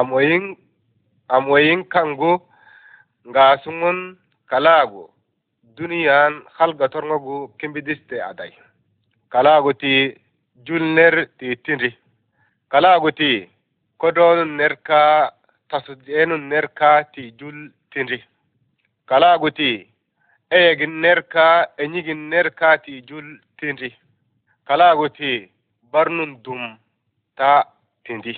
amoyin amoyin kango ngasungun kalagu duniyan halgator halgatorngogu kimbidiste aday kalagu ti julner ti tinri kalagu ti kodonun nerka tasudeenun nerka ti jul tinri kalagu ti eyegin nerka enyigin nerka ti jul tinri kalagu ti barnun dum ta tindi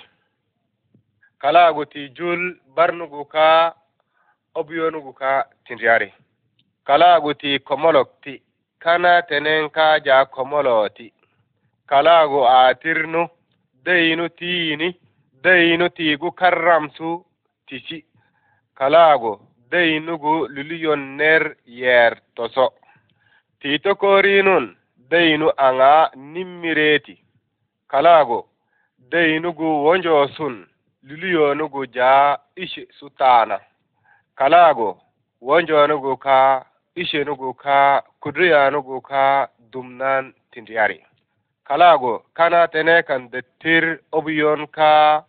kala goti jul barnugu ka obiyonugu ka komoloti kala goti ti kana tenen ka ja komoloti kalago atirnu dayinu tiini dayinu tiigu karramsu tisi kalago dayinugu luliyon ner yer toso tiito korinun dayinu aŋa nimmireti kalago dayinugu sun. luliyoonugu kalago ishe nugu kalaago wonjoonugu nugu ka kaa nugu ka dumnan tindriyari kalaago kana tene kan dettir obiyon kaa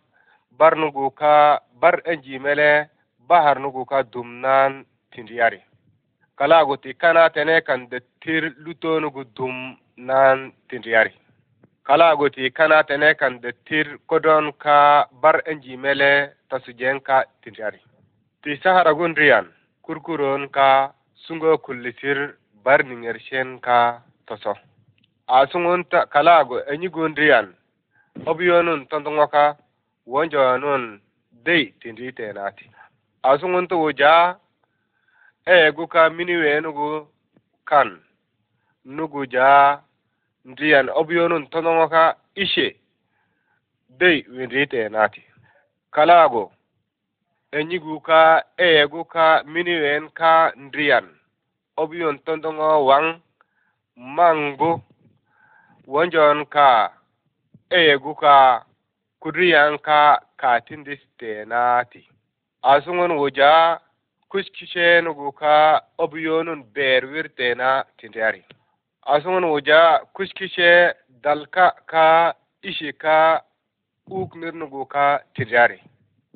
nugu ka bar enjimele nugu ka dumnan tindriyari kalaago ti kana tene kan dettir lutoonugu dum nan tindriyari Kala goti kana tene kan de tir kodon ka bar enji mele tasujen ka tintari ti sahara riyan kurkuron ka sungo kullisir bar ningershen ka toso A sungon ta kala go enyi riyan obiyonun tontongoka wonjonun dei tindri tenati sungon to wuja e ka miniwe nugu kan nugu ja ndiyan obiyonun tonoŋoka ishe dey windiit eenaati Kalago enyigu ka eyegu ka miniwen ka ndriyan obiyon tondoŋo waŋ maŋgu wonjon ka eyegu ka kudriyan ka katindis teenaati asuŋun wuja kuskisheenugu ka obiyonun beer wirteena tindiyari asuŋun wuja kuskise dalka ka ishe ka uk nirnugu ka tiryari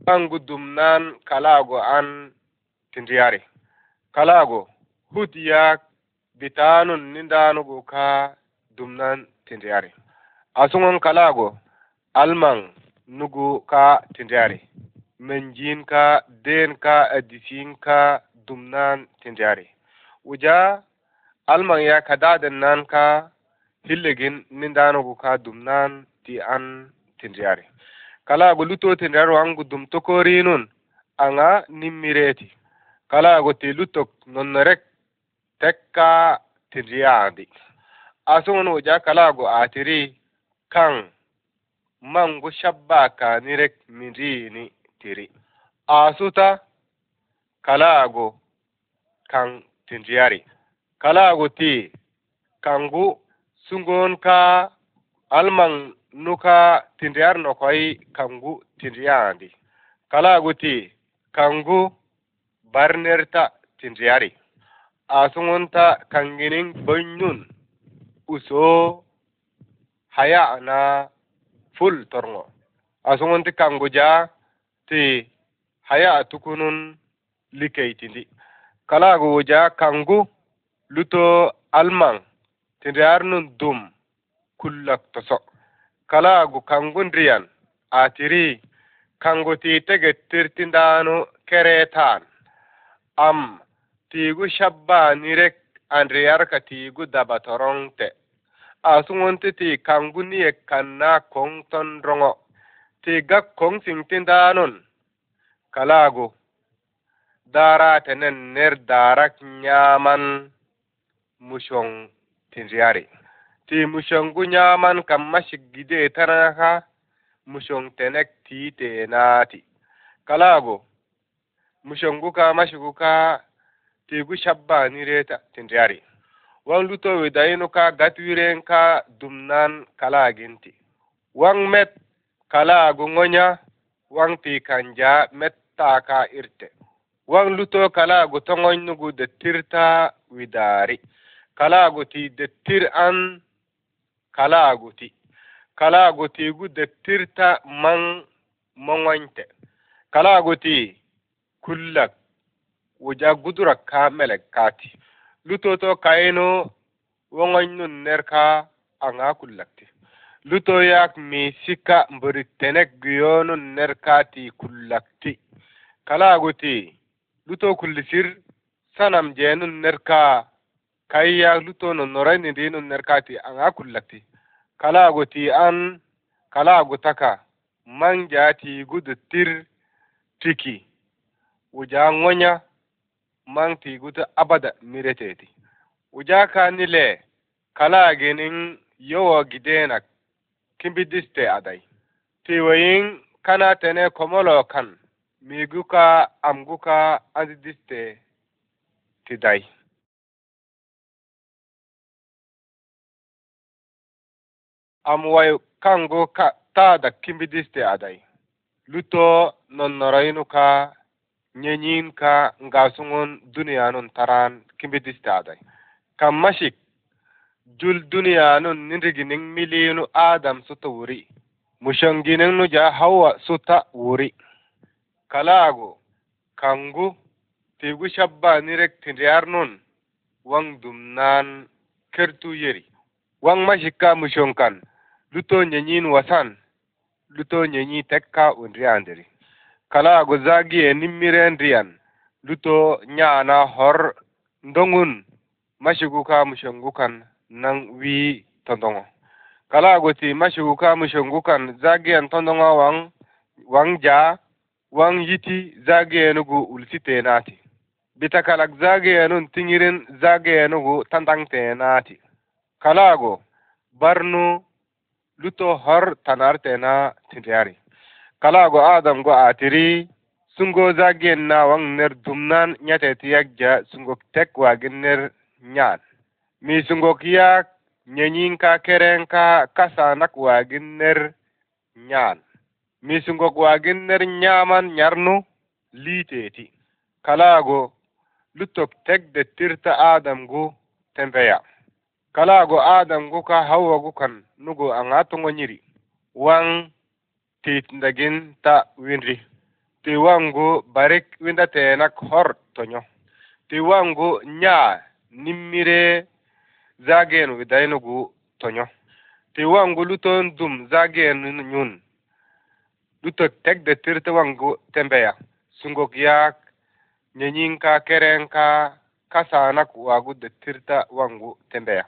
bangu dumnan kalago an tindriyari kalago hut yak bitaanun nindanugu ka dumnan nan tindriyari kalago alman nugu ka tindriyari menjin ka den ka adisin ka dumnan wuja alman ya kadaden nan ka hillegin nindanogu ka dum nan ti an tindiyari kala go luto tindiyaro angu dum tokori nun anga nimmireti kala go ti lutok nonnorek tekka tindiyadi asuŋunu ja kala go atiri kan mangu shabba kanirek mirini tiri asuta kala go kan tindiyari kala kalaagoti kangu sungon ka alman nuka tindiyar nokoy kangu kala kalaagoti kangu barnerta asungon ta kangining bonyun uso haya ana na asungon ti kangu ja ti haya tukunun likeitindi kala wuja kangu luto alman te ndiyarnun dum kullak toso kalaagu kangu ndriyan aatiri kangu ti tege tirtindaanu kereetaan am tiigu shabbaanirek andriyarka tiigu daba toroŋte aasuŋunti ti kangu niyek kannaa koŋ tondroŋo tiigak koŋ siŋtindaanun kalaagu daaraate nen ner daarak nyaaman Mushong tinjiyari ti mushong gu kam masik gide tanaka mushong tenek ti tenati kalago mushong gu ka mashigu ka tegu nireta tinjiyari Wang luto wedayinu ka gatwiren ka dumnan kalaginti Wang met kalago ngonya, wang ti kanja met taka irte Wang luto kalago tongonyugu de tirta widari kalaagoti dettir an kalaagoti goti kalaa dettirta man moŋoynte kalaagoti gotii kullak wuja gudurak kaa melek kaati lutotoo kayino nun ner kaa aŋaa kullakti luto yak miisika mborit tenek giyoonun ner kaatii kullakti kalaa gotii kullisir sanam jeenun ner kaa kai ya luto non noray ni non nerkati an kullakti kala goti an kala gutaka man jati gudu tiki uja ngonya man ti gudu abada mireteti uja kani nile kala genin kimbi gidenak adai aday tiwayin kana tene komolo kan miguka amguka andidiste tidai amwayo kango ka tada kimbidiste aday luto nonnorayinu ka nyenyin ka ngasungon duniyanun taran kimbidiste aday kammashik jul duniyanun niriginin miliyinu adam suta wuri mushangininu ja hawa suta wuri kalago kangu tigu shabba nirek tindiyarnun wang dumnan kertu yeri wang mashika mushonkan luto nyanyin wasan luto nyenyi tekka unriandiri kala guzagie nimmirenriyan luto nyana hor ndongun mashiguka mushangukan nan wi tondongo kala goti mashiguka mushangukan zagiyan tondongo wang wang ja wang yiti zagiyenugu ulsitenaati bitakalak zagiyenun tingirin zagiyenugu nati kalago barnu luto har tanarte na tintiyari kala go adam go atiri sungo zagien na wang ner dumnan nyate tiyak ja sungo tek wagen ner nyan mi sungo kiyak nyenyin ka keren ka kasanak wagen ner nyan mi sungo wagen ner nyaman nyarnu liteti kala go lutok tek de tirta adam go tempeya kalaago adam hawa go kan nugo anga tongo nyiri wang ndagin ta winri ti wangu barik winda khor hor nyo ti wangu nyaa nimmire zaageen to nyo ti wangu luton dum zaageen nyun luto tegde tirte wangu tembeya sungok yak nyenyinka kerenka kasanak waagu de tirta wangu tembeya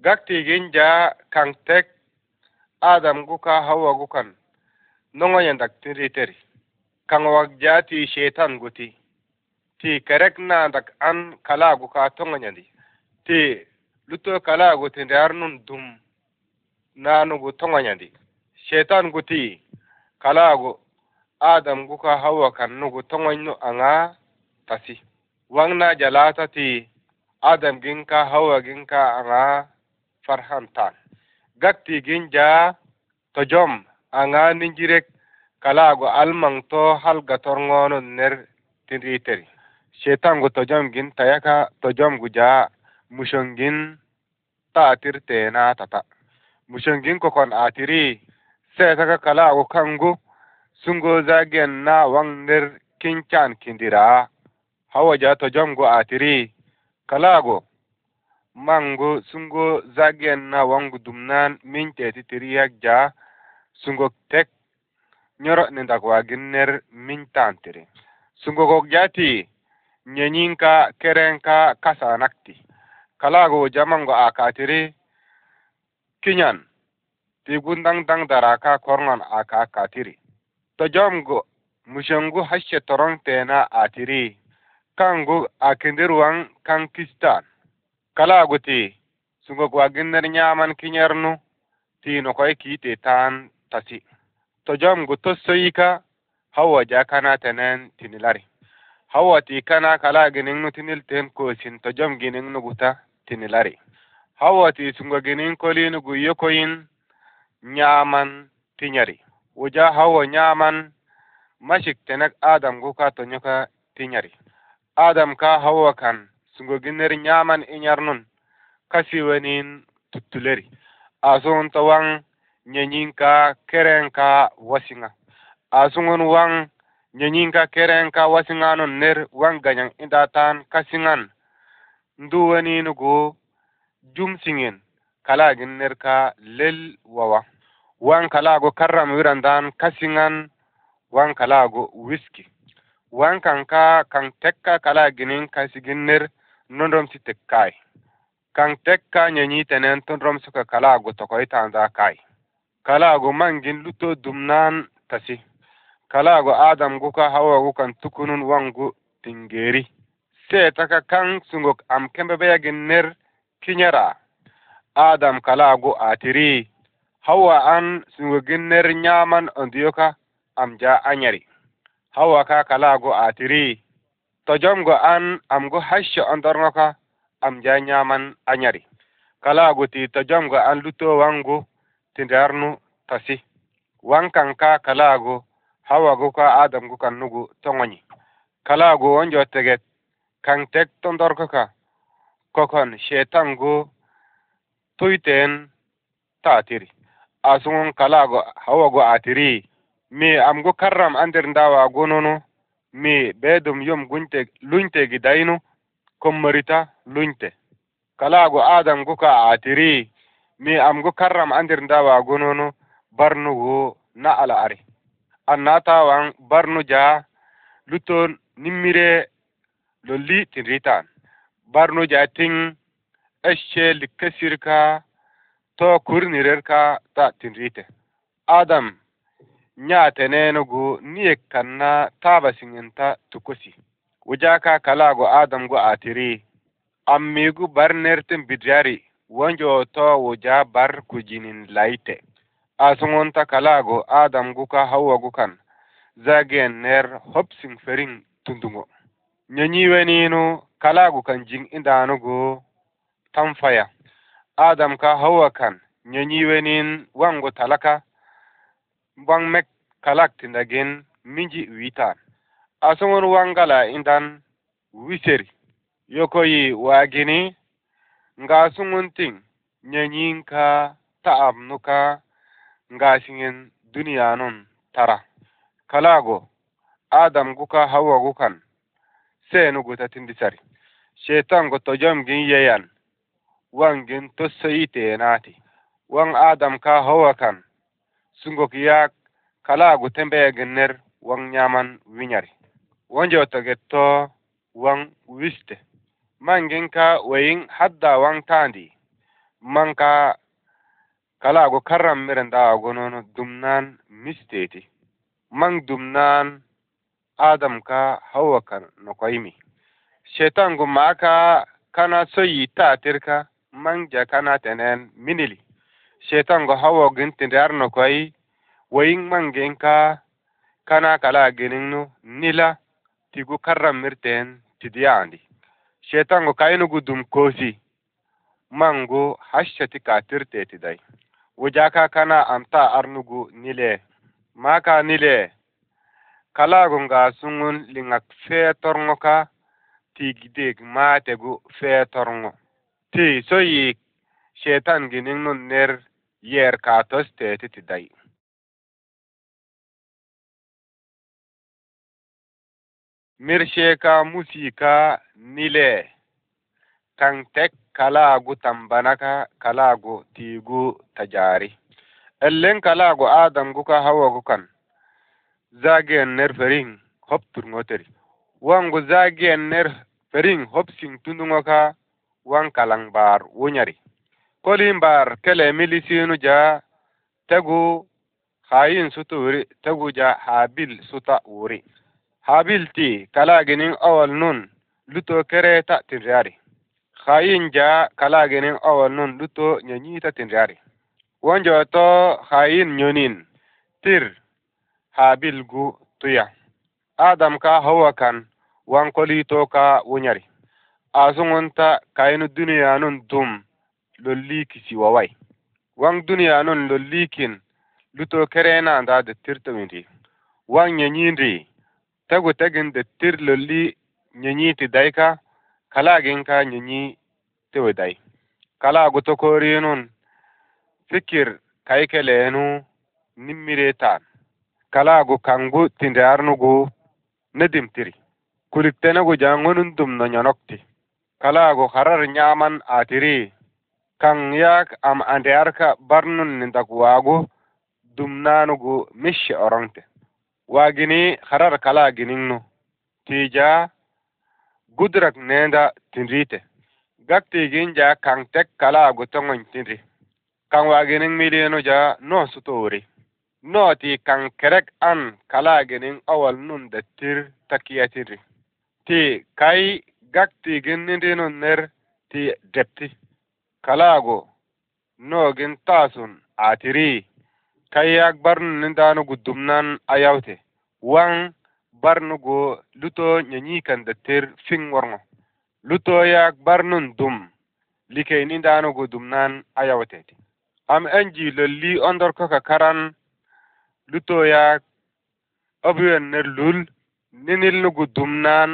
gaktigin ja kan tek adam guka hawa gukan nongo tiri tiriteri kan wak ja ti shetan guti ti kerek na dak an kala guka tongo nyandi ti luto kala guti ndar nun dum nanugu tongo nyandi shetan guti kala gu adam guka hawa kan nugu tongo nyu anga tasi wang na jalata ti adam ginka hawa ginka anga farhantan gattigin ja tojom anga ninjirek kalago almang to gator torngono ner tinriteri shetangu tojomgin tayaka tojomgu ja mushongin ta'atir tena tata mushongin kokon atiri setaka kalago kangu sungo zagen na wang ner kincan kindira hawaja tojomgu atiri kalago mangu sungo zagen na wangu dumnan minte titiriyak ja sungo tek nyoro ni dakwagin ner mintantiri sungo kok jati nyenyinka kerenka kasanakti kalago jamango akatiri kinyan tigundang dang daraka korngon aka katiri tojomgo mushengu hashe torong tena atiri kangu akindirwang kankistan kala guti sungo gwaginner nyaman ti no koy te tan tasi to jom gu soyika hawa ja kana tenen tinilari hawa ti kana kala ten ko kosin to ginin giningnu guta tinilari hawa ti sungo ginin kolinu gu yokoyin nyaman tinyari wuja hawa nyaman mashik tenak adam gu ka nyoka tinyari adam ka hawa kan sugogineri nyaman inyarnun e kasiwenin tuttuleri asun tawang nyanyinka kerenka wasinga asungun wang nyanyinka kerenka wasinga nun ner wang ganyang indatan kasingan nduweninugu jumsingen kala ner ka lel wawa wan kalago karram wirandan kasingan wan kalago wiski wan kanka kan tekka kalaginin kasigin ner non romsi tekkai kan tekka nyanyitenen ton romsi ka kalaagu tokoytanza kai Kalagu mangin luto dumnan tasi Kalagu adamgu ka hawagu kan tukunun wangu tingeri taka kan sungok am kembebeyagin ner kinyara adam kalagu atiri hawa an sungogin ner nyaman ondiyoka am ja anyari hawa ka kalagu atiri tojomgo an am go hasho ondorgo am jayaman anyari kala goti tojomgo an luto wangu tindarnu tasi wankan ka kalago hawago ka adamgo kannugo toŋoyi kalago onjo teget kang tek tondorko ka kokon shetango tuyten tatiri asuŋon kalago hawago atiri mi go karram ander ndawa gonono mi ɓeedum yom gunte luñtegi marita kommorita Kala kalaago adam go ka aatiri mi am go karram andir ndawagonono barnugo na ala ari anna barnu ja luton nimmire lolli li tin barnu ja tin esce kesirka to kurnirerka ta tin adam nyaatenenugu niyek kanna taaba siŋenta tukusi wujaka kalago adamgu atiri ammigu bar nertin bidiyari wonjo to bar kujinin layte asuŋunta kalago adamgu ka hawagu kan zagen ner hobsiŋ feriŋ tunduŋo nyonyiweninu kalagu kan jiŋ indanugu tamfaya. adam ka hawa kan nyonyiwenin wangu talaka mbaŋ mek kalak tindagin minji witan asuŋun wangala indan wiseri yi wagini, nga asungun ting nyanyin ka ta'ab nuka ngasiŋen duniyanun tara kalago guka ka gukan, kan nugu ta tindisari tojom gin yeyan tosayite nati. Wang adam ka hawa kan sungokiya kala gutembeye genner wang nyaman winyari wonjo togetto wang' wiste mangin ka hadda wang tandi manka kalagu karram miren ɗawagonon dumnan misteti mang dumnan adam ka hawa ka Shetan shetangu maka kana so ta tirka man ja kana tenen minili shetan go hawa ginti darno koy wayin mangen ka kana kala geninnu nila tigu karram mirten tidiyandi shetan go kaynugu dum kosi mangu hashshati katirte tiday wujaka kana amta arnugu nile maka nile kalagu nga sungun lingak torngo ka tigideg maategu torngo ti so yi shetan nun ner Jerkatos teti tidai. Mirsheka musika nile, kan tek kalaagu tambanaka kalaagu tiigu tajaari. Ellen kalaagu aadamguka hawagukan, zagen ner ferin hopturnoteri. Wangu zagen ner ferin hopsing tundungoka wan kalangbaaru wunyari. kolin bar kele milisinu ja tagu hayin sutu wuri tagu ja habil suta wuri habil ti kalaginin awal nun luto kere ta tinjari hayin ja kalaginin awal nun luto nyanyi ta tinjari wonjo to hayin nyonin tir habil gu tuya adam ka hawa kan wan kolito ka wunyari asungunta kainu duniyanun dum lolliki si wai Wang duniya nun lollikin luto kerena da da windi wan nyanyindi tagu tagin dattir tir lolli nyanyi ti daika kala ginka nyanyi tiwi dai kala guto nun fikir taan kala kalaagu kangu tindaarnugu nedimtiri kuliktenagu jaangonun dum no kala kalaagu harar nyaman atiri kan yak am andearka barnun nindak waagu dumnanugu mishi orongte Wagini harar kala giningnu tija gudrak nenda tinrite Gakti ja kan tek kala gutongon tinri kan wagining milienu ja no sutori Noti kan kerek an kala ginin awal nun da tir tindri. ti kai gaktigin ninrinun ner ti depti kalaago noogin taasun aatirii kayak barnu nindaanu guddumnan ayawte waŋ barnugo luto nyanyikan dattir fiŋ worŋo luto yak barnun dum likei nindanugo dumnan ayawteti am enji lolli ondorko ka karan luto yak obiwen ner lul ninilnugu dumnan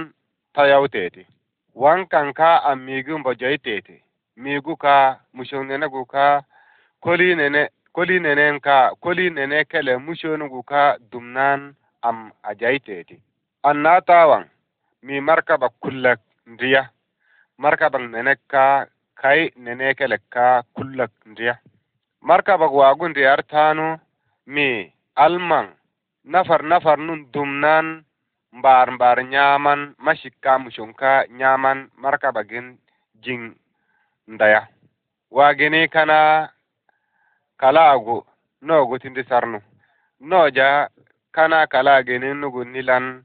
tayawteti waŋ kaŋ ka am miigumbo joyiteti migu ka mushon nene gu ka koli nene koli nenen ka koli nene kele mushon gu ka dumnan am ajaiteti anna tawan mi markaba kullak ndiya markaban nene ka kai nene kele ka kullak ndiya markaba wagu ndiyar tanu mi alman nafar nafar nun dumnan mbar mbar nyaman mashikka mushonka nyaman markabagin jing ndaya Wa gene kana kalaagu no gutindi sarnu ja kana kalaagini nugunni nilan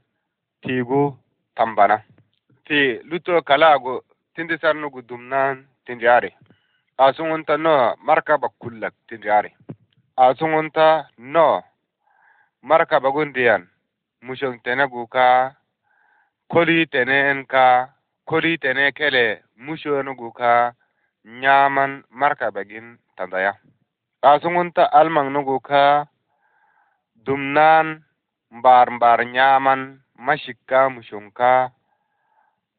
tiigu tambana ti luto kalaagu tindi sarnugu dumnan tindi ari asuŋunta no markaba kullak tindi ari asuŋunta no markabagundiyan musoŋ tenegu ka kolii tene en ka kolii tene kele musonugu ka nyaman marka bagin tandaya kasungunta almang nugu ka dumnan mbar mbar nyaman mashika mushunka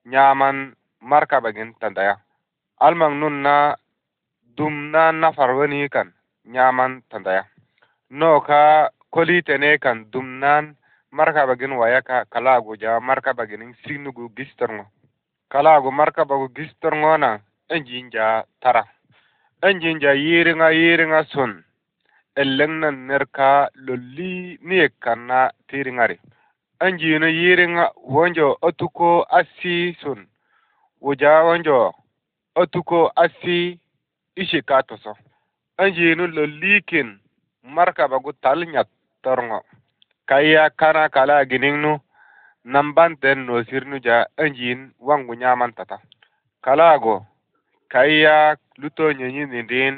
nyaman marka bagin tandaya almang nun na dumnan nafar wani kan nyaman tandaya no ka kolitene kan dumnan waya ka kalagu ja markabagin sinugu gistorngo kalagu bagu gistorngo na enjinja tara enjinja yiringa yiringa sun elengna nerka lolli niyek kanna tiringari enjino yiringa wonjo otuko asi sun wuja wonjo otuko asi ishika toso enjino lollikin markabagu tal nyat torngo kayya kana kala giningnu nambanten nosirnu ja enjin wangu nyaman tata kalago kaiya luto nyenyi nindin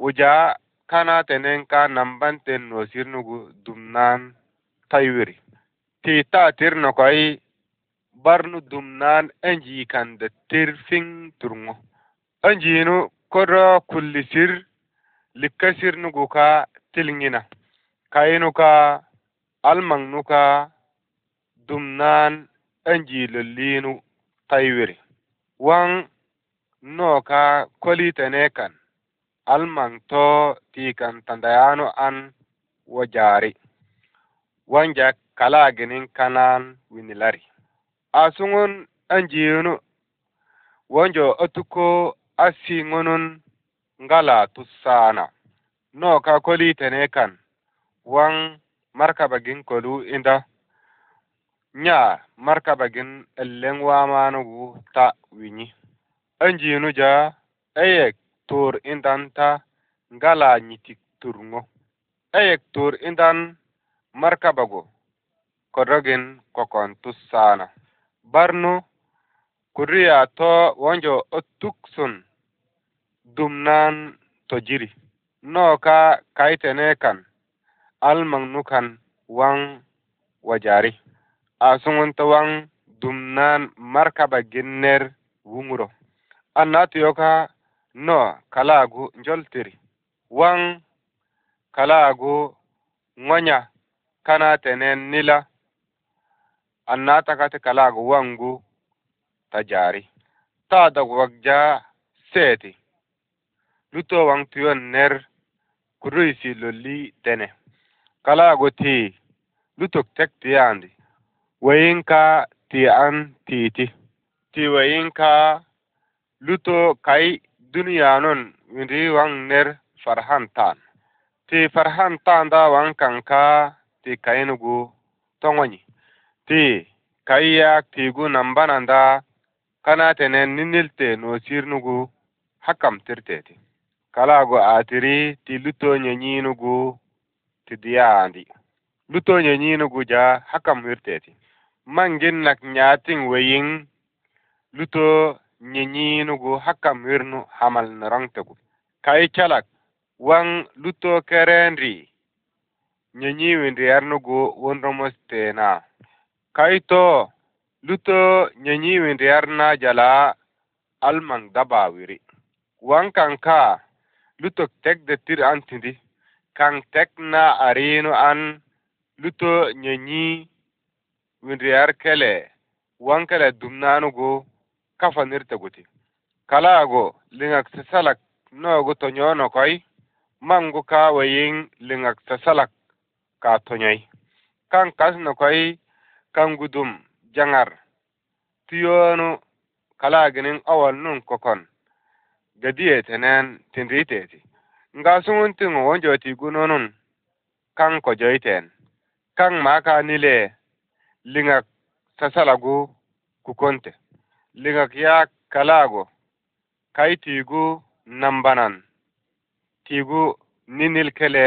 wuja kana tenen ka nambanten nosir nugu dumnan taiwiri ti ta tir kai barnu dumnan enji de tir fin turngo nu koro kullisir likasir nugu ka tilngina nu ka dumnan enji lelinu taiwiri wang. nooka kolitene kan almanto tiikan tandayano an wo jaari wanja kalaginin kanaan winilari asuŋun anjiinu wonjo otuko asiŋunun ngala tusaana nooka kolitene kan waŋ markabagin kolu inda nya markabagin eleŋ wamanugu ta winyi Anjinu jaa eyek tur indan ta ngala nyitik turŋo eyek tur indan markabago kodrogin kokon tusana barnu kuriya to wonjo ottuk sun dumnan tojiri nooka kaitene kan almanukan nu wajari asuŋun ta dumnan markaba gin wunguro. annatu yoka no kalagu njoltiri wan kalagu ngonya kana tenen nila annata kati kalagu wangu tajari ta wagja seti luto waŋ tuyon ner kuruisi lolli tene kalagu ti lutok tek tiyandi wayinka ti an titi ti wayinka luto kai duniya windi wang ner farhan tan ti farhan tan da wan kanka ti kayinugu tongoni. ti kayiyak tigu nambananda kana tenen ninilte no sirnugu hakam tirteti kalago atiri ti luto nyenyinugu ti diyandi luto nyenyinugu ja hakam wirteti mangin nak nyatin weyin luto nyenyinugu hakam wirnu hamal narangtagu kai calak wang luto kerenri nyenyiwindi yarnugu wonromostena kai to luto nyenyiwindi yarna jala almang daba wiri wan kanka lutok tekde tir antindi kan tekna arinu an luto nyenyi windi yar kele wankele dumnanugu kafanirte guti kalago lingak sasalak noogu tonyono koy mangu kawayin lingak sasalak ka tonyoy kan kasno koy kangu gudum jangar tiyonu kalaginin awal nun kokon gadiye tenen tindriteti nga sungun tingu wonjoti gunonun kan ko joiten kan maka nile lingak sasalagu kukonte ligakya kalago kai tigu nambanan tigu ninil kele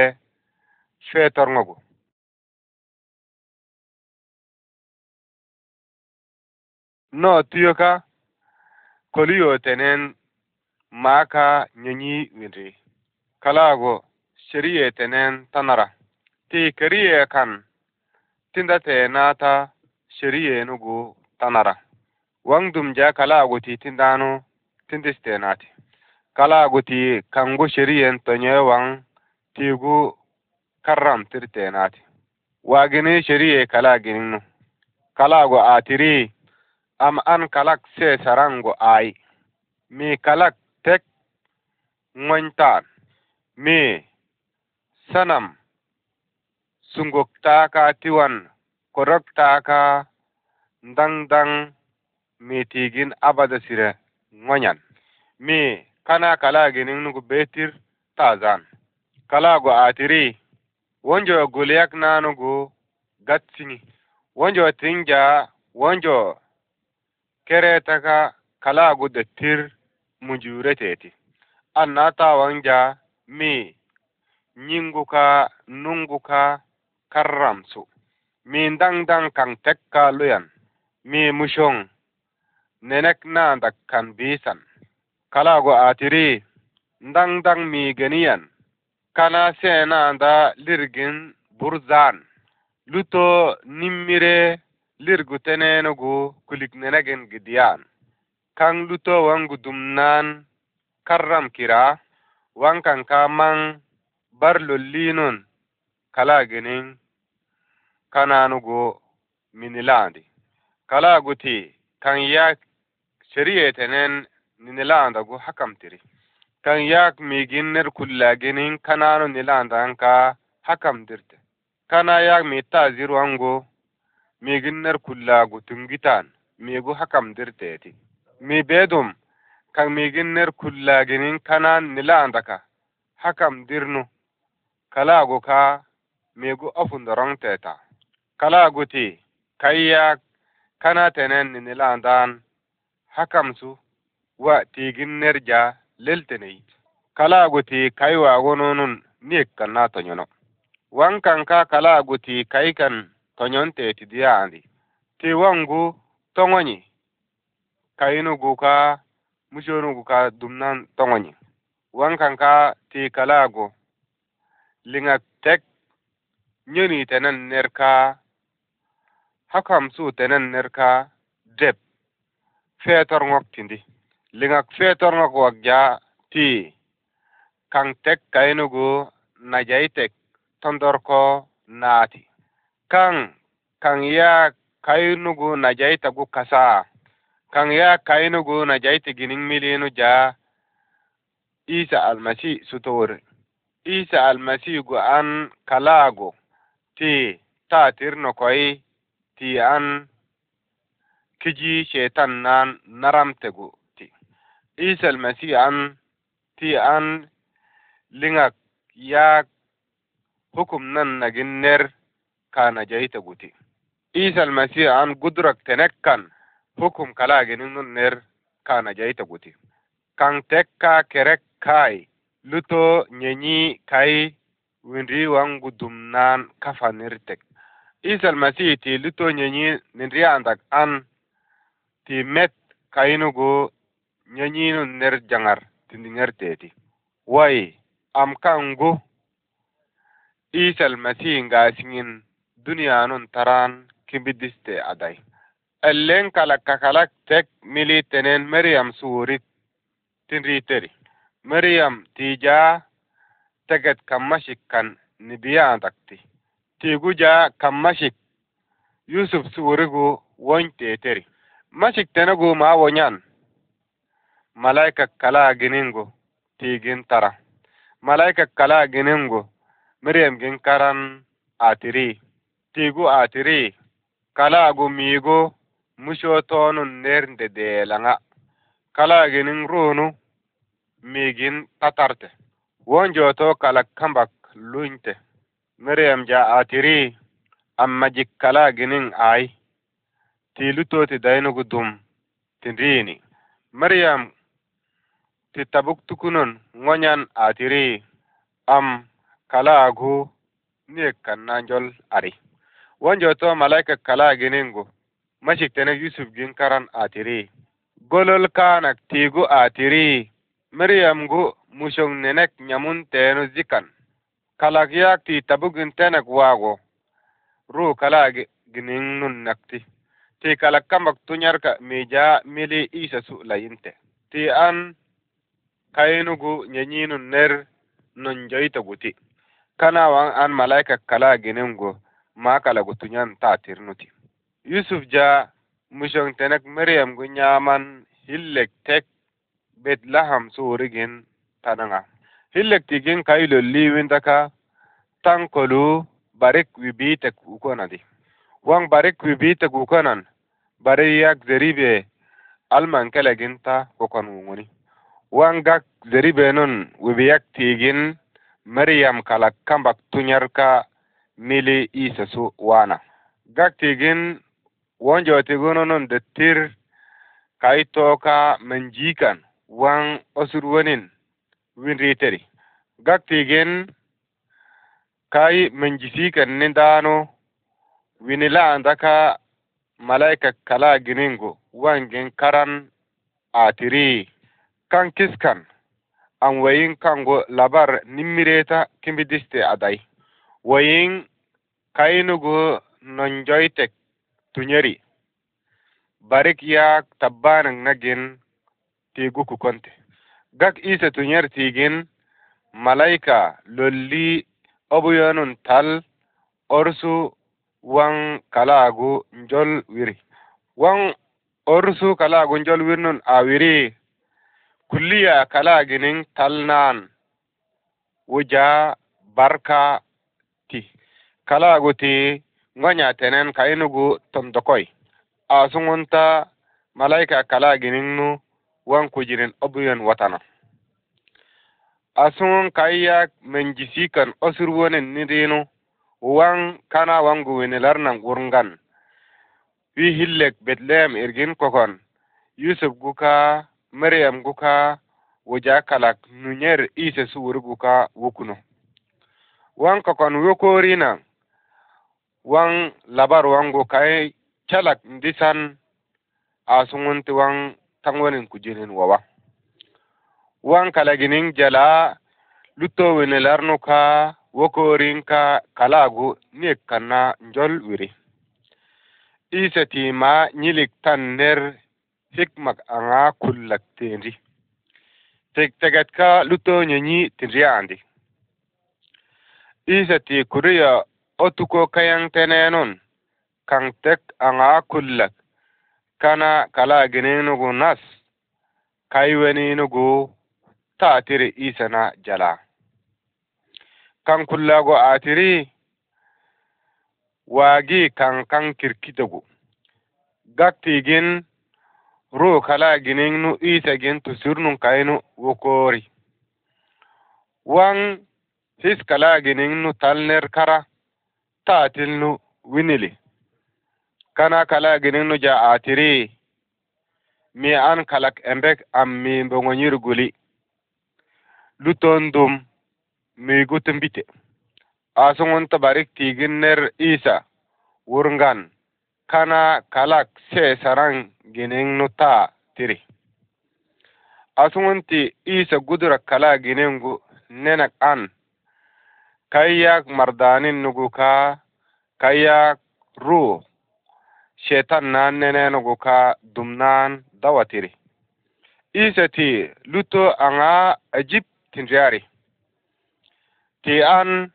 fetorŋogu no tuyoka koliyo tenen Maka nyonyi windi kalago sheriye tenen tanara ti keriye kan tindate nata sheriye nugu tanara wang dum ja kala agoti tindano nati. kala agoti kangu shiriyen tonye wang tigu karram nati. wagini shiriye kala gininu kala go atiri am an kalak se sarango ai mi kalak tek ngwantan mi sanam sungok taka tiwan korok taka ndang dang mitigin abada sire ŋonyan mi kana kalaginiŋ nugu betir tazan kalagu atiri wonjo guliyak nanugu gat siŋi wonjo tinja wonjo keretaka kalagu dettir mujureteti an tawanja mi nyinguka nunguka karramsu mi ndaŋ daŋ kaŋ tekka luyan mi mushoŋ Nenek neneknandak kan biisan kalago mi ndangdang miigeniyan kana seenaanda lirgin burzan luto nimmire lirgu teneenugu kulik nenegin gidiyaan Kang luto wangu dumnan karram kira wang kan ka maŋ bar lolliinun kalaagenin minilandi. minilaandi ti yak gu hakam tiri kan yak migin ner kullaginin kananu hakam dirte kana yak mi taziruango migin ner gu tungitan migu hakamdirteti mi bedum kan migin ner genin kanan dirnu kala kalagu ka migu afundorongteta kalaguti kayyak kana tenen ninilandan hakamsu wa tegin nerja leltenei kala guti kaiwa gononun niek kanna na tonyono wankan ka kala guti kai kan tonyonte ti diandi ti wangu tongoni kainu guka mujonugu guka dumnan tongoni wankan ka ti kala go linga tek nyoni tenan nerka hakamsu tenan nerka dep feetor ngok tindi lingak liŋak ngok wak ja ti kang tek kainugu na najaitek tondorko naati kang kang ya kainugu najaitagu kasa kang ya kainugu najaiti gining miliinu ja isa almasi sutowor isa almasi gu an kalaagu ti taatir koi ti an tiji shetan nan naramtego ti isa almasi an ti an lingak ya hukum nan nagin ner kana jayitego ti isa almasi an gudrak tenekkan hukum kalaginin nun ner kana jayitego ti kan tekka kerek kai luto nyenyi kai winri wangu dumnan kafanirtek isa almasi ti luto nyenyi nindri andak an ti met kainugu nyanyinu ner jangar tindi ner teti wai am kangu isal masih ngasingin duniyanun taran kibidiste aday ellen kalak kakalak tek mili tenen meriam suurit teri meriam tija teget kammashikkan takti tiguja kammashik yusuf suurigu teri. masik tenegu ma woñan malaika kala giningo tigin tara malaika kala giningo miriyam gin karan atiri tigu atiri kala gu migo musho tonun ner ndedelanga kala ginin runu migin tatarte wonjo to kala kambak lunte miriyam ja atiri amma jik kala ginin ai ti lutooti daynugu dum ti ndriini maryam ti tabuk tukunun ŋonyan aatiri am kalaagu niyek kan nanjol ari wonjo to malaika kalaaginingu machik tenek yusuf gin karan aatiri golol kaanak tiigu aatiri maryamgu musoŋ nenek nyamun teenu zikan kalak yak ti tabugin tenek waago ruu kalaaginin nun nakti te kala kambak tunyarka meja mele isa su layinte te an kayenugu nyanyinu ner nonjoyita guti kana wang an malaika kala genengo ma kala gutunyan ta tirnuti yusuf ja mushong tenek maryam gu nyaman hillek tek betlaham surigin tananga hillek tigin kayilo liwintaka tankolu barik wibitek ukonadi wan barik bibita gukanan bari yak zeribe alman kalaginta kokon wunguni wan gak zeribe nun wibiyak tigin maryam kalak kambak tunyarka mili isasu wana gak tigin wonjo tigununun dattir kaitoka manjikan wan osurwanin winriteri gak tigin kai manjisikan nindano Winila andaka malaika kala giningo Wangin karan a tiri Kan kiskan an wayin labar nimireta kimbidiste adai wayin kainugo nonjoytek tunyeri barik ya tabbanaŋ nagin ku kukonte gak isa tunyer tigin malaika lolli obuyonun tal orsu wan kalagu njol wiri wan orusu kalagu njol wirnun a wiri kulliya kalaginin talnan wuja barka ti kalagu ti ŋonya tenen kainugu inugu tondokoy aasuŋunta malaika kalaginin nu wan kujirin obuyon watana asuŋun kayiyak menjisikan osurwonen nidinu uwang kana wangu winilar nan gurngan wi hillek betlehem irgin kokon yusuf guka maryam guka wuja kalak nunyer ise suwur guka wukuno wan kokon wokorina wan labar wangu kai chalak ndisan asungunti wang tangwanin kujinin wawa wan kalaginin jala luto winilar nuka wokorinka ka kalagu niyek njol wiri iseti ma nyilik tan ner hikmak aŋa kullak tendi tegteget ka lutonyenyi andi iseti kuriya otuko kayaŋ tenenun kaŋ tek aŋa kullak kana kalagininugu nas kayuweninugu tatiri isena jala kan kullago atiri wagi kan kan kirkitago gaktigin ro kala gin tu tusirnun kainu wokori wan sis kala nu talner kara tatilnu winili kana kala nu ja atiri mi an kalak embek am mi mbongonyir guli luton miigutin bite aasuŋun tabarik tiigin ner iisa wurngan kana kalak se saran giniŋ nu taa tiri asuŋun ti iisa gudurak kalaa giniŋgu nenak an kayyak mardani nugu kaa kayyak shetan nan nene kaa dumnan dawa tiri iisa ti luto aŋaa Egypt tindriyari Ti'an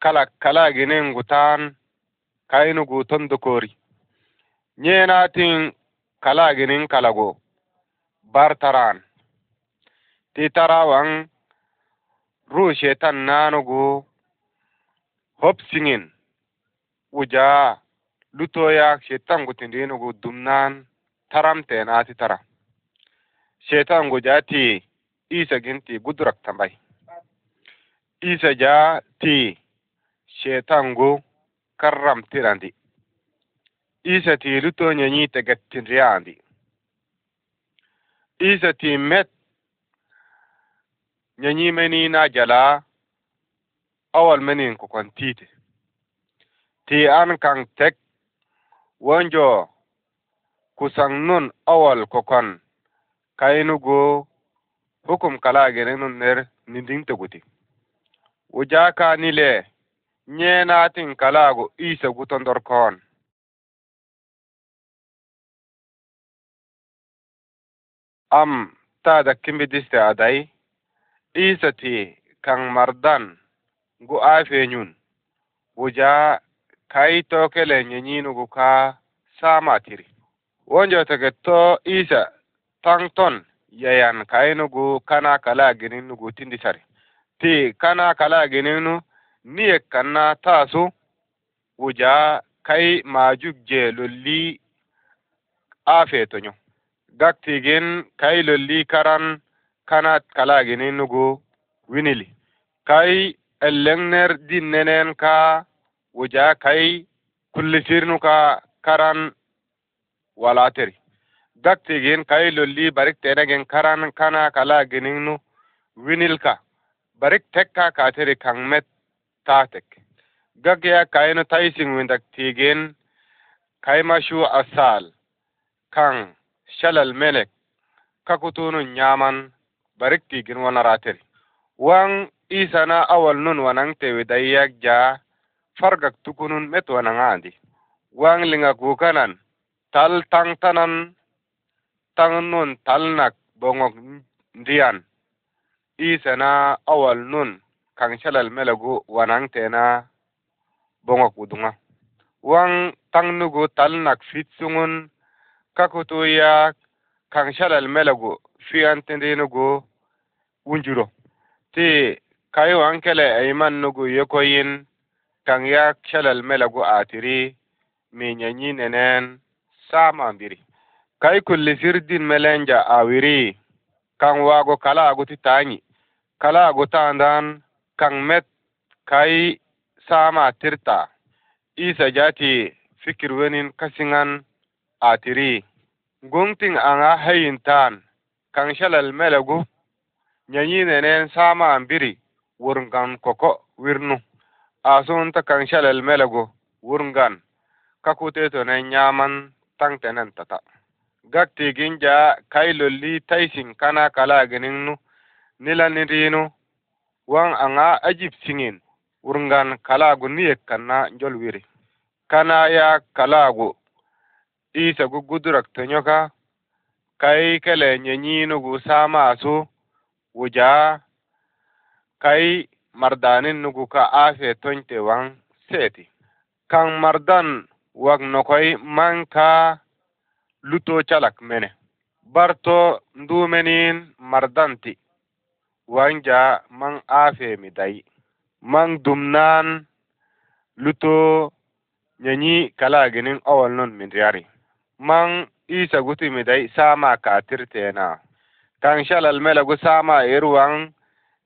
kalak kalaginin gutan kainu guton dokori. Nyenatin kalaginin kalago bartaran. Ti tarawan rushe tan nanugo hopsingin wuja lutoyak shetan gutindinugo dumnan taram taramte naati tara. shetan gujati isa ginti gudurak tambai. isa jaa ti shetangu go tirandi. isa ti luto nyanyi tegettiriandi isa ti met nyanyi menina jalaa awal menin kokontiite Ti an kan tek wonjo kusang nun awal kokon kainugo hukum kalagene nun ner ninding toguti wujakanile nyenatin kalago isa gutondorkon am tada kimbidiste aday isati kan mardan gu afenyun wuja kai tokele nyenyinugu ka samatiri wonjo to isa tangton yayan kainugu kana kala gininugu tindisari te kana kala genenu niyek kanna taasu wuja kai majuk je lolli afetonyo gaktigin kai lolli karan kana kala genenugo winili kai ellengner din nenen ka wuja kai kullisirnu ka karan walateri gaktigin kai lolli barik tenegen karan kana kala geninnu winilka barik tekka kaatiri kang met gak Gagya kaino taising windak tigin kaimashu asal kang shalal melek kakutunu nyaman barik tiigin wanaratiri Wang isana awal nun wanang tewe dayak ja fargak tukunun met andi. Wang linga gukanan tal tang tanan tang nun nak bongok ndiyan isana awal nun kan shalal melegu wanang tena bongok udunga wang tangnugu talnak kakutu kakutuya kan shalal melegu fiyantindinugu unjuro ti kayo ankele aiman nugu yokoyin kan ya shalal melegu atiri minyanyi nenen sama biri kai kulli sirdin melenja awiri kan wago kala aguti tanyi kala gutandan kan met kai sama tirta isa jati fikir wenin kasingan atiri gungting anga hayintan kan shalal nyanyi nenen sama ambiri wurngan koko wirnu ta kan shalal melagu wurngan nen nyaman tangtenen tata gakti ja kai lolli taisin kana kala geninnu nilani riinu wan anga ajib siŋin wurngan kalaagu niyek kanna njol wiri kana ya kalaagu isagu gudurak tonyoka kai kele nyenyiinugu samasu wuja kai mardaninnugu ka aafee tonte waŋ seeti kaŋ mardan wak nokoy manka luto calak mene barto ndumenin mardanti wanja mang afe mi dai mang dumnan luto nyanyi kala ginin awal non min riyari mang isa guti mi dai sama katir tena kan shalal mela gu sama irwang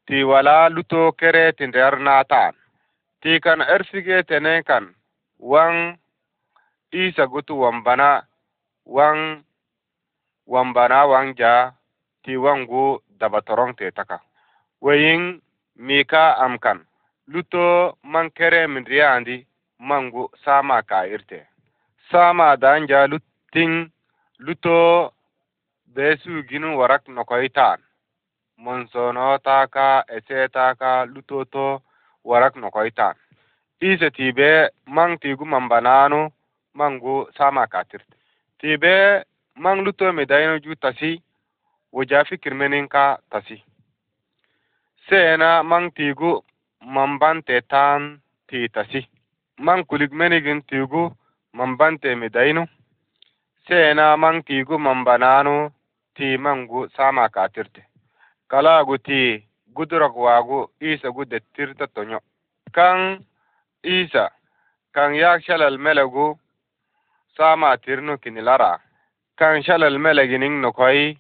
ti wala luto kere tin nata, natan ti kan ersige tene kan wang isa gutu wambana wang wambana wangja ti wangu daba te taka weyin mika amkan luto mankere mindriyandi mangu sama ka irte sama danja lutin luto besu ginu warak nokoitan monsono taka ese taka lutoto warak nokoitan ise tibe mang tigu mambananu mangu sama katirte tibe mang luto medaino ju tasi wajafi kirmeninka ka tasi Sena mang tigu mambante tan ti tasi. Mang kulik menigin tigu mamban te midainu. Sena mang tigu mambananu ti mangu sama katirte. Kalagu ti gudurak wagu isa gudettirta tonyo. Kang isa kang yak shalal melagu sama tirnu kinilara. Kang shalal melaginin nukoyi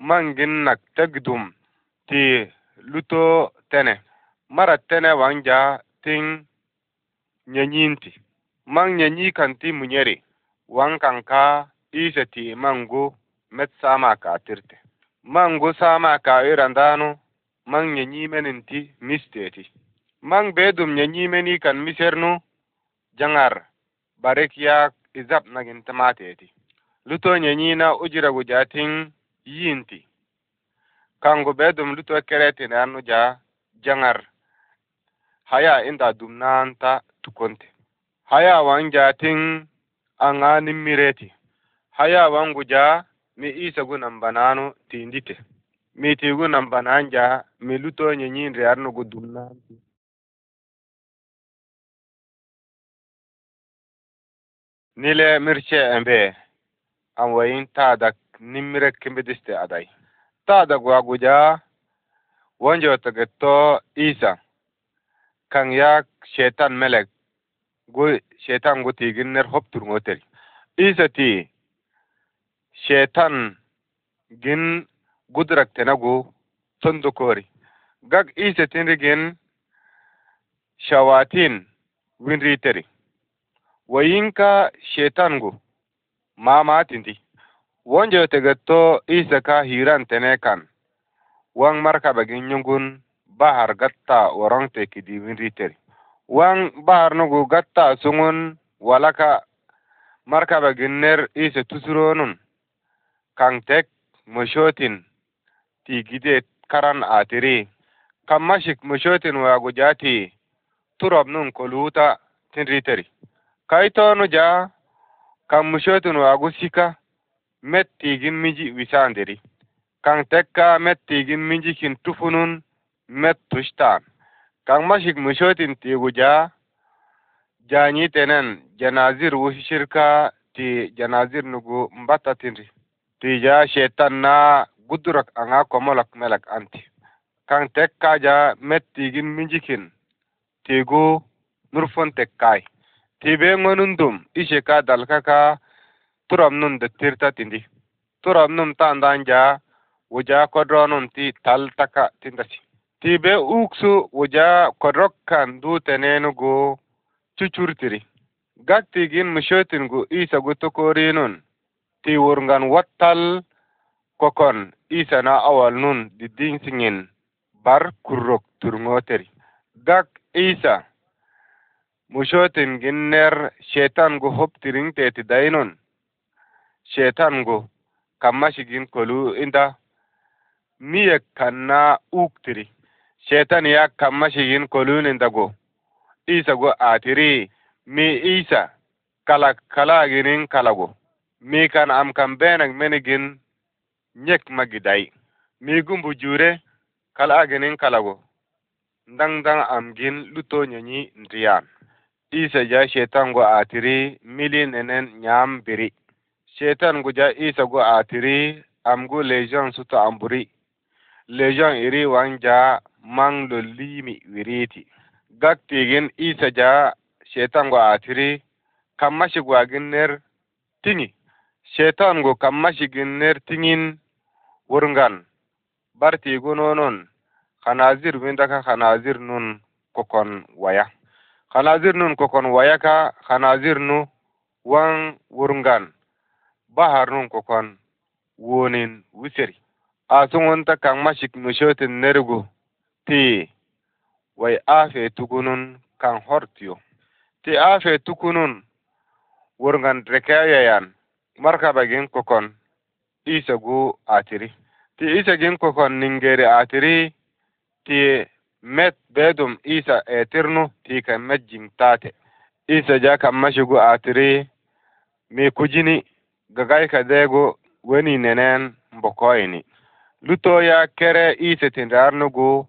mangin nak tagdum ti luto tene mara tene wanja ting nyanyinti mang nyanyi kanti munyeri wang kanka iseti mangu met sama ka tirte mangu sama ka irandano mang nyanyi meninti misteti mang bedum nyanyi meni kan misernu jangar barek ya izab nagin tamateti luto nyanyi na ujira gujating yinti kango ɓe ɗum luto keretene annu ja jangar haya inda dum nanta tukonte haya wan tin anga nimmireti haya wangu ja mi isa gu nambanano tindite mi tigu nambanan ja mi luto nyenyinre arnugu dum nanti nile mirce embe an wayin tadak nimmire kimbidiste aday taɗagwa guda wonjo tegetto isa kan yak shetan melek gu shetan gu tigin ner hoptur ngotel isa ti shetan gin gudrak tenagu tondo kori gag isa tinrigin shawatin winriteri wayinka shetan gu mama tinti wonjo tegetto isaka hiran tenekan marka bagin nyungun bahar gatta woroŋte kidibin riter wang bahar nugu gatta sungun walaka bagin ner isa tusuronun kang tek moshotin gide karan atiri kamashik mashik moshotin waagu jati turob nun koluta tin riteri kaito nu ja kam moshotin waagu sika mettiigin minji wisaanderi kaŋ tekka mettiigin minjikin tufunun met tushtaan kaŋ masik mushotin tiigu jaa jaanyi tenen janazir wusishirka ti janazir nugu mbatatiri ti jaa shetan na gudurak aŋa komolok melek anti kaŋ tek ka jaa met tiigin minjikin tiigu nurfon tek kai tiibe ŋonun dum ishe ka dalka turam nun tirta tindi turam num tandanjaa wujaa kodronum ti tal taka tindati ti be uksu gatti gin duuteneenugu cucurtiri Isa go isagu nun. ti wurngan wattal kokon Isa na awal nun singin bar kurok turngoteri gak isa mushotin gin ner shetan tiring te ti dainun shetan go kan mashigin kolu inda miye kanna uktiri shetan ya kan mashigin kolunin dago isa go atiri mi isa kala kala ginin kalago mi kan am kan benak menigin nyek magidai mi gumbu jure kala ginin kalago ndang ndang am gin luto nyanyi ndriyan isa ja shetan go atiri mili nenen nyam biri Shetan guja isa gu atiri amgu lejon ta amburi. Lejon iri wanja mang lo limi wiriti. Gak tigin isa ja shetan gu tiri kamashi gu agin ner tingi. Shetan gu kamashi gin ner tingin wurngan. Barti gu nonon khanazir windaka khanazir nun kokon waya. Khanazir nun kokon waya ka khanazir nu wang wurngan. bahar nun kokon wonin wisiri a sun ta kan mashik mishotin nergo Ti wai afe tukunun kan hortiyo Ti afe tukunun wurngan drekayayan markabagin kokon isagu atiri ti isagin kokon ningere atiri ti met bedum isa etirnu ti kan majjin tate isa ja kan mashigu atiri me kujini gagai kadego weni nenen mbokoyni luto ya kere isetindarnugu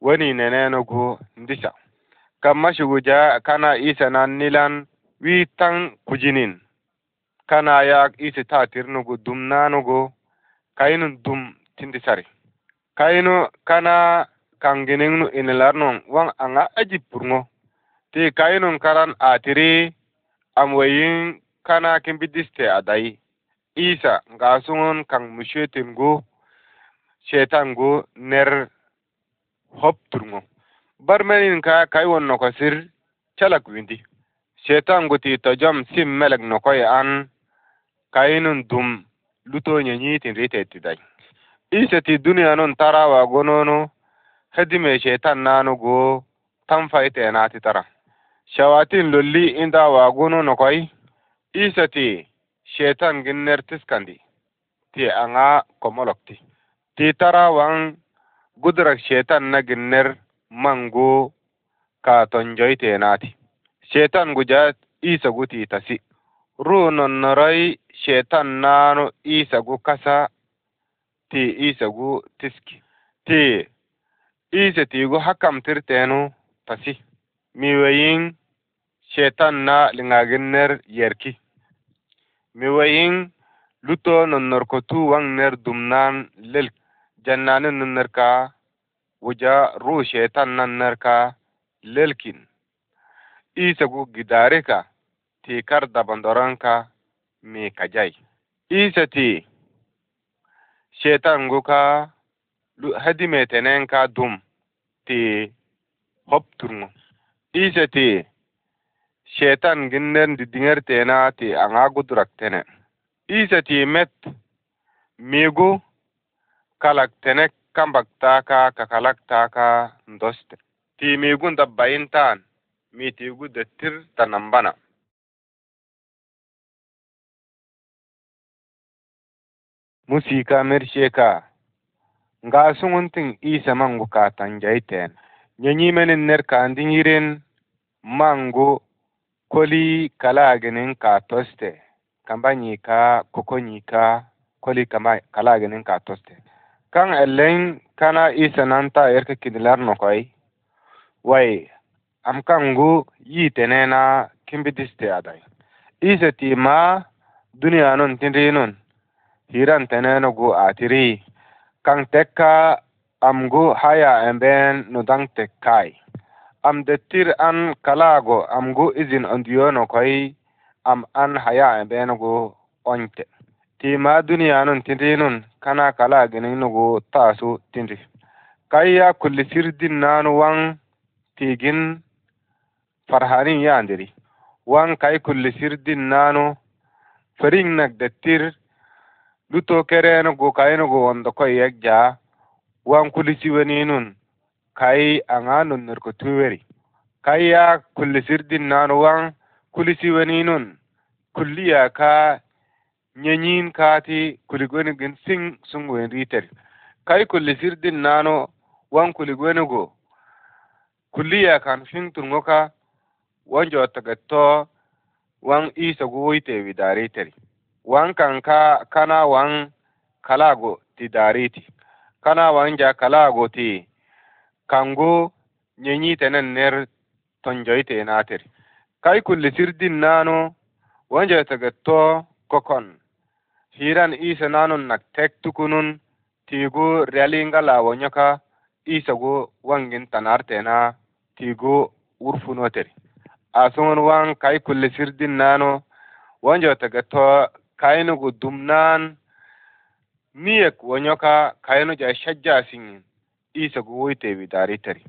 weni nenenugu ndisa kammashiguja kana isenan nilan wi tan kujinin kana yak ise tatirnugu dumnanugu kainun dum tindisari kainu kana kanginingnu inilarnun wan anga ajipurngo ti kainun karan atiri amwayin kana kimbidiste adai isa nga sungun kang shetan gu ner hop turngo barmenin ka kai won noko sir calak windi shetangu ti tojom sim melek nokoy an kainun dum luto nyenyitin ritetidai isa ti duniya non tarawa gonono hedime shetan nanu nanugo tan na naati tara shawatin lolli inda waguno nokoy ti shetan ginner tiskandi ti anga komolokti ti tara wan gudrak shetan na ginner mangu ka tonjoyte nati shetan guja isa guti tasi ru noroi shetan nanu isa gu kasa ti isa gu tiski ti isa ti gu hakam tirtenu tasi mi weyin shetan na lingaginner yerki miwayiŋ luto nonorkotu wang ner dumnan lel jannanin nuner ka wuja ru shetan nan ka lelkin isegu gidare ka te kar dabandoron ka me kajai isa ti shetangu ka tenen ka dum ti hop turŋo isa ti sheetan ginnen tena ti anga gudrak tene ti met migu kalak tene kambak taaka kakalak taaka ndoste Ti nda ndabbayin taan miitiigu gu ta nambana musika mersheka nga suŋun tiŋ Nyanyi maŋgu kaatanjayiteena nyenyiimenin ner mangu maŋgu koli kalaginin ka toste kamba nyika koko nyika koli kama kalaginin ka toste kan elen kana isananta erke no kai way am kangu tenena kimbidiste adai ise ti ma duniya non tindi non hiran gu atiri kan tekka amgu haya emben nudang tekkai am dettir an kalaago am go izin ondiyono koy am an haya e onte ti tima duniya nun tindi nun kana kala geninugu taasu tindi ya kulli sirdin nanu wan tigin farhanin yandiri wan kay kulli sirdin nanu farin nak dettir luto kerenugu kaynugu wondo koy yegja wan kulisi wani nun kai anga nonnor ko tuweri kayya kullisirdin nanuwan kulisi weninun ya ka nyanyin kati kuligonigin sin sungwen riter kai sirdin nano wan kuligonigo kulliya kan fin turngoka wan jottagetto wan isagu woytewi dariteri wan kan ka kana wan kalago ti dariti kana wan ja kalago ti kango nyenyitenen ner tonjoyte natir Kai kulli sirdin nano to kokon hiran isa nanon nak tek tukunun tigu ngala lawo nyoka isagu wangin tanartena tigu wurfunoteri asuŋun wang kai kulli sirdin nano wonjoytegetto kaynugu dumnan miyek wo kainu kaynuja shajja siŋin isa goyte wi daritari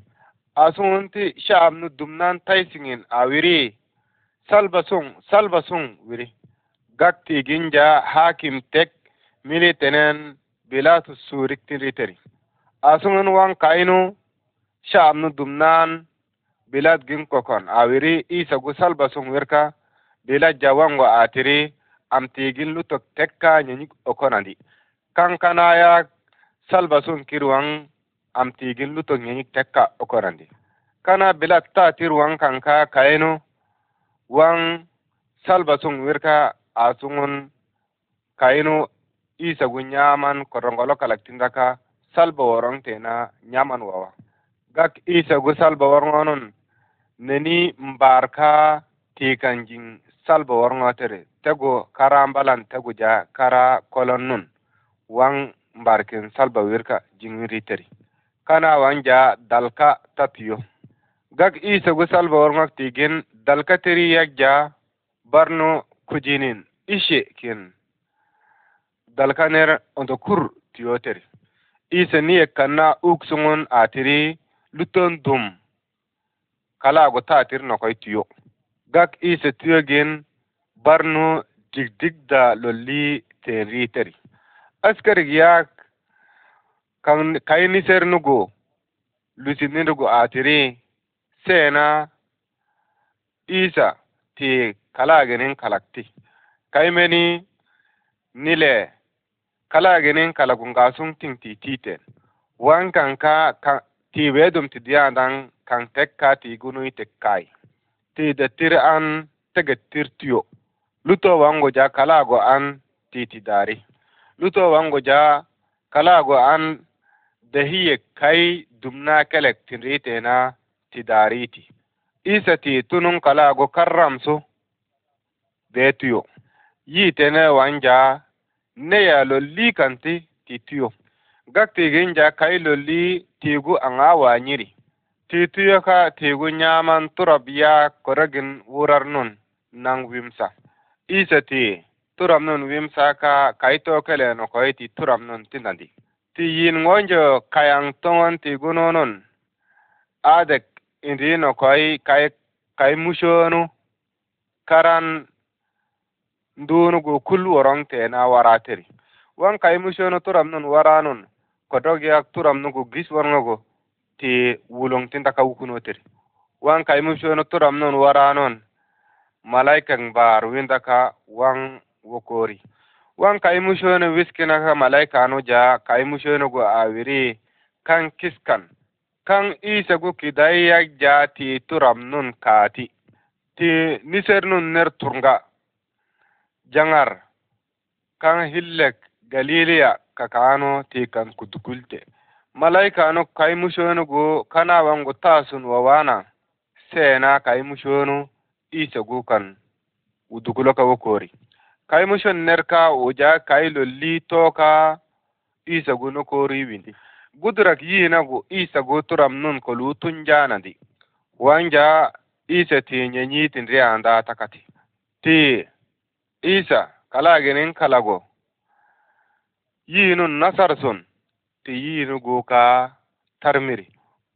asunti sha'abnu dumnan a awiri salbasun salbasun wiri gakti ginja hakim tek militenen bilatu suriktiritari asungun wan kainu sha'abnu dumnan bilat gin kokon awiri isa gu salbasun wirka bilad jawango atiri amtigin lutok tekka nyanyik okonandi kankanaya salbasun kirwan amtigin luto ngeni tekka okorandi kana bila tatir wan kanka kayeno wan salba sun wirka asungun isa isagu nyaman korongolo kalaktindaka salba worong tena nyaman wawa gak isagu salba onun neni mbarka tikanjin salba worong otere tegu kara ambalan tegu ja kara kolon nun wan mbarkin salba wirka jingiriteri. riteri kana wanja dalka tatiyo gag isagu salbaworngak tigin dalka tiri yagja barnu kujinin ishe kin dalka ner onto kur tiyoteri isa niye kanna uksungun atiri luton dum go ta atiri nokoy tiyo gag isa tiyogin barnu digdigda lolli teri askar giyak kan lusi ni lusinindigo atiri sena isa ti kalagenin kalakti meni nile kalagenin kalagun gasun tin ti titen wan kan ka ti wedum ti diyadan kan tekka ti gunui kai ti tir an tir tiyo luto wango ja kalago an ti ti dari luto wango ja kalago an hiya kai dumna kelek na tidariti ti tunun kalago karramso betuyo tene wanja neya lolli kanti titiyo Gakti ja kai lolli tigu anga wanyiri titiyo ka tigu nyaman turab ya koragin wurar nun nang wimsa ti turam nun wimsa ka kaito kele no koiti turam nun tinandi ti yin ŋonjo kayaŋ toŋon ti gunonun adek indino koi kai kai mushonu karan ndunu go kul worong te na warateri wan kai mushonu turam nun waranun kodog yak turam nugo gis worngo ti wulong tinda ka wukuno teri wan kai mushonu turam nun waranun malaikang bar winda ka wang wokori wan kaimushone ja malaikanuja go awiri kan kiskan kan isagu ja ti turam nun kati ti niser nun ner turnga jangar kan hillek galiliya kakano ti kan kudukulte malaikanu kaimushonugu kanawangu tasun wawana seena isa isagu kan uduguloka kori. kay mushonner ka wuja kai lolli toka isa guno ko ribindi gudurak yinagu isa go turam nun ko lutun janadi wanja isa tinyenyitin rianda takati ti isa kalaginin kalago yinun nasarsun ti yinugo ka tarmiri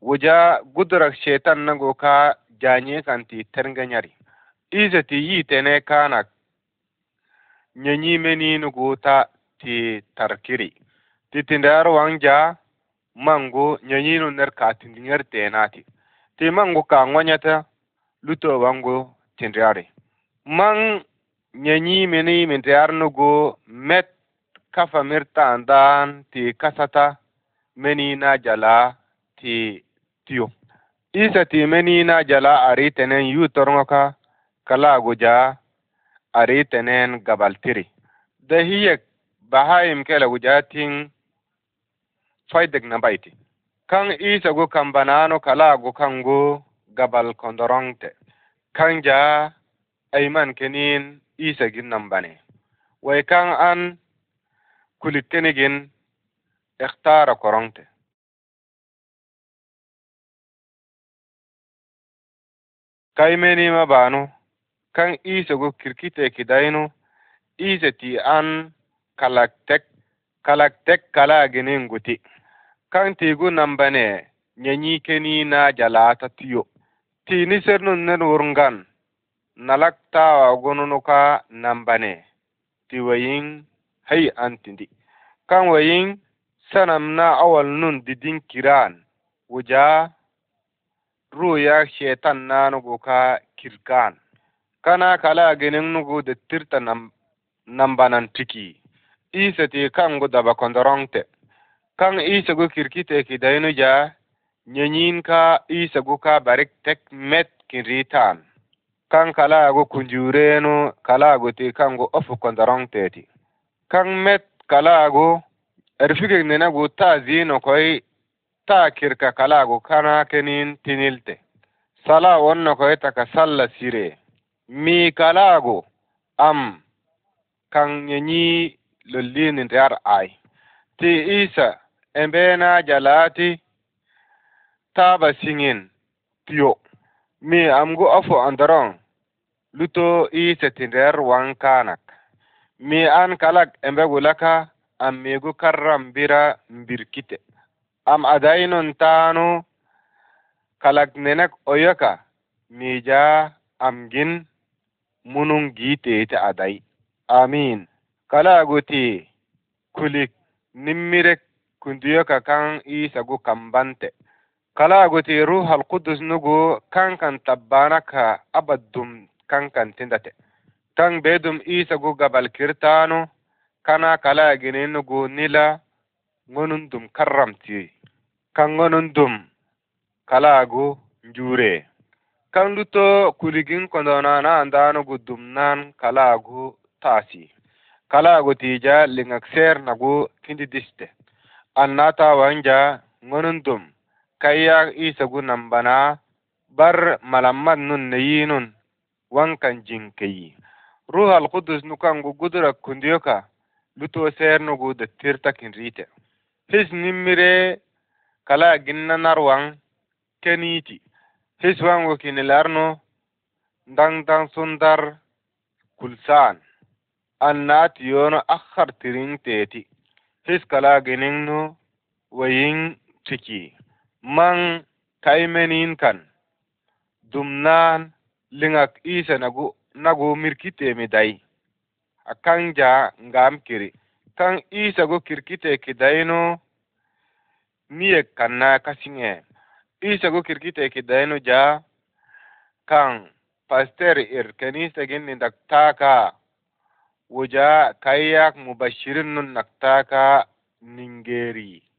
wuja gudurak shetan nago ka janye kanti ternganyari isa ti tene kanak nyanyimenino guta ti tarkiri titindar wanja mangu nyanyino ner katindi ner tenati ti mangu ka ngwanyata luto wangu tindari mang nyanyimeni mintiar nugu met kafa mirta andan ti kasata na jala ti tiyo isa ti na jala ari tenen yu torngoka kala guja Ari tenen gabaltiri de hiyek bahayim kela wujatin faydek nabayti kan isagu kambanano kalagu kangu gabal kondorongte kan ja ayman kenin isagin nambane way kan an kulit kenigin ikhtara korongte kaymenima banu Kan go kirkite kidainu ise ti an kalaktek kalaktek kala tek guti kaŋ tiigu nambane nyanyi keni na jalata tiyo ni sernu nen wurngan nalakta tawa gununu ka nambane ti wayin hay an tindi wayin sanam na awal nun didin kiran wuja ruya shetan nanugu ka kirkan kana kala genin nugu de tirta nam nambanan tiki isa ti kangu daba kondorongte kan isa gu kirkite ki dayinu ja nyanyin ka isa gu ka barik tek met kin ritan kan kala gu kunjurenu kala gu ti kangu ofu kondorongte ti kan met kala gu erfike nena gu ta zino koi ta kirka kala gu kana kenin tinilte sala wonno koi taka salla sire miikalaago am kaŋŋe nyii lolliini ndeyar ay ti iisa e mbeenaaja laati taaba siŋin tiyo mii amgu afo andoroŋ lutoo iisa ti ndeer waŋ kaanak mii an kalak e mbegulaka am miigu karram mbira mbirkite am adaynun taanu kalak nenek oyoka miijaa am gin munungiiteeti adai. amin kalaaguti kulik nimirek ka kan isa gu kambante kalaaguti ruhal kudus nugu kankan tabbanaka kan kankan tindate kan isa gu gabal kirtanu, kana nugu nila ŋonundum karramti kan kala kalaagu njure. Kanduto kuligin kondonana andano gudumnan kalagu tasi Kalagu tija lingakser nagu diste Annata wanja ngonundum kayyak isagu nambana bar malammad nun neyinun wankan jinkayi. Ruhal kudus nukangu gudura kundiyoka luto ser nugu dattirta kinrite. His nimire kala ginnanarwan keniti. Hizban wakilarno dangdang sundar kulsan annati yono akhar tirin teti his kala giningno wayin ciki man kaimenin kan dumnan lingak isa nagu nagu mirkite mi dai akan ja ngam kiri kan isa go kirkite kidaino miye kanna kasinge isa kirkite ki dainu ja kan pastor ir kenisagini daktaka wuja kayak mubashirin nun naktaka ningeri